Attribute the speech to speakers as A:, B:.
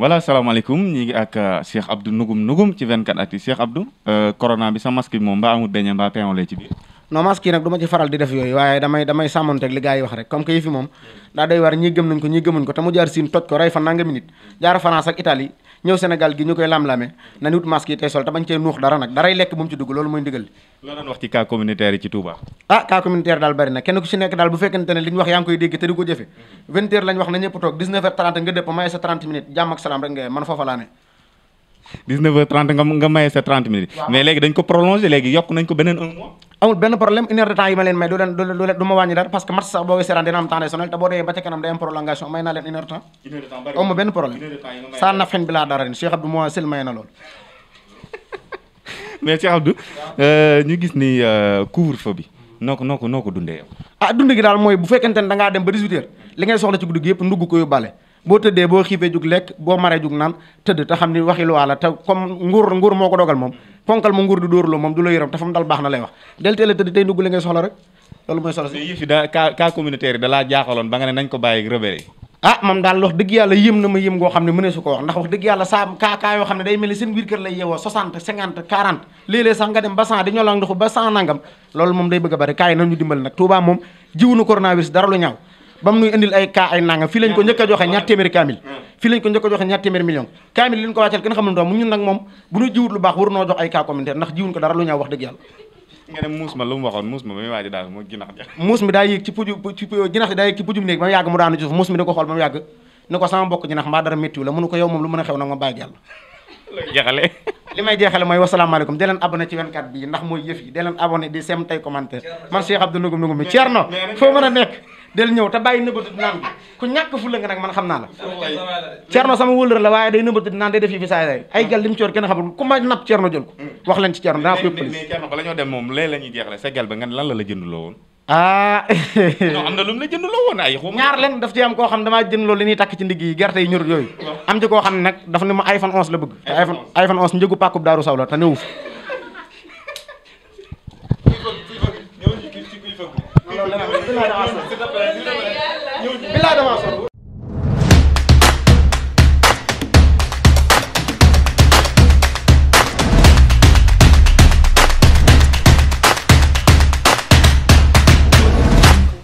A: voilà salaamaaleykum ñi ngi ak euh, Cheikh Abdou Nougoum Nougoum ci 24 actu Cheikh Abdou euh, corona bi sa masque bi moom mbaa amul beñe mbaa peeyon ci biir
B: non masque yi du ma faral di def yooy waaye damay damay sàmmonteeg li gars yi wax rek comme que yëfi moom daa war ñi gëm nañ ko ñi gëmuñ ko te mu jaar siin toj ko rey fa nangami nit jaar France ak ñëw Sénégal gi ñu koy lam-lame nañu wut masque yi tey sol te bañ cee nuux dara nag daray lekk moom ci dugg loolu mooy ndigal li
A: la doon wax ci cas communautaire yi ci Touba
B: ah cas communautaire daal bari na kenn ku ci nekk daal bu fekkente ne li ñu wax yaa koy dégg te di jëfe vingt lañ wax na ñëpp toog 19 heures nga dëpp maye sa 30 minutes jàmm salaam rek nga man sa
A: 30 minutes mais léegi dañ ko prolongé léegi yokk nañ ko beneen
B: amul benn problème une heure de temps yi ma leen may du leen du ma wàññi dara parce que sax boo koy seetaan dina am te boo dee ba ca kanam day am dara rin Cheikh Abdou moo sil may na loolu
A: mais euh, ñu gis ni euh, couvre-feu bi noo ko noo ko noo ko dundee yow
B: ah dund gi daal mooy bu fekkente ne dangaa dem ba 18 heures li ngay soxla ci guddi gi yëpp ndugg ko bale boo tëddee boo xiifee jug lekk boo maree jug naan tëdd ta xam ni waxi luwaa la te comme nguur nguur moo ko dogal moom ponkal ma nguur du dóorloo moom du la yëram te fa dal baax na lay wax del teel a tëdd tey ndugg li ngay soxla rek loolu mooy solo si ko ah, wax yàlla yëm na ma yëm ngoo xam ne mënee su ko wax ndax wax dëgg yàlla saa kaa kaa yoo xam ne day mel seen biir kër lay yeewoo 60 50 40 léeg-léeg sax nga dem ba 100 di ñoo lang ndoxu ba 100 nangam loolu moom day bëgg a bari kaay nañu dimbal nag Touba moom jiwunu coronavirus dara lu ñaaw ba mu nuy indil ay cas ay nangam fii lañ ko njëkk a joxe ñaar téeméeri kaamil hmm. fii ko njëkk a joxe ñaar téeméeri million kaamil li ñu ko wàcceel kenn xam ne mu ñun ko wax mu waxoon ko xool ba mu yàgg ko sama bokk jinax mbaa dara méttiwu la mënu ko yow moom lu mën a xew nag ma bàyyi jeexale li may jeexale mooy wasalaamaaleykum di leen abonné ci 24 bi ndax mooy yëf yi di leen abonné di sem tay commentaire man Cheikh Abdou Nougoum Nougoum mi Thierno foo mën del ñëw te bàyyi nëbbatut naan bi ku ñàkk fulla nga nag man xam naa la Cerno sama wëllër la waaye day nëbbatut naan day def yi fi saay saay ay gal li mu coor kenn xamul ku mm. wax leen ci Cerno danaa ko police mais Cerno moom léegi la ñuy jeexale sa gal ba nga
A: lan la la jënd loo woon
B: ah non am na la jënd loo woon ñaar leen daf ci am koo xam damaa jënd loolu li ñuy takk ci ndigg yi gerte yi ñorut yooyu am ci koo xam ne nag daf ne ma iPhone 11 la bëgg te iPhone iPhone 11 njëgu daaru saw la te newu fi billaay damaa sonn billaay damaa sonn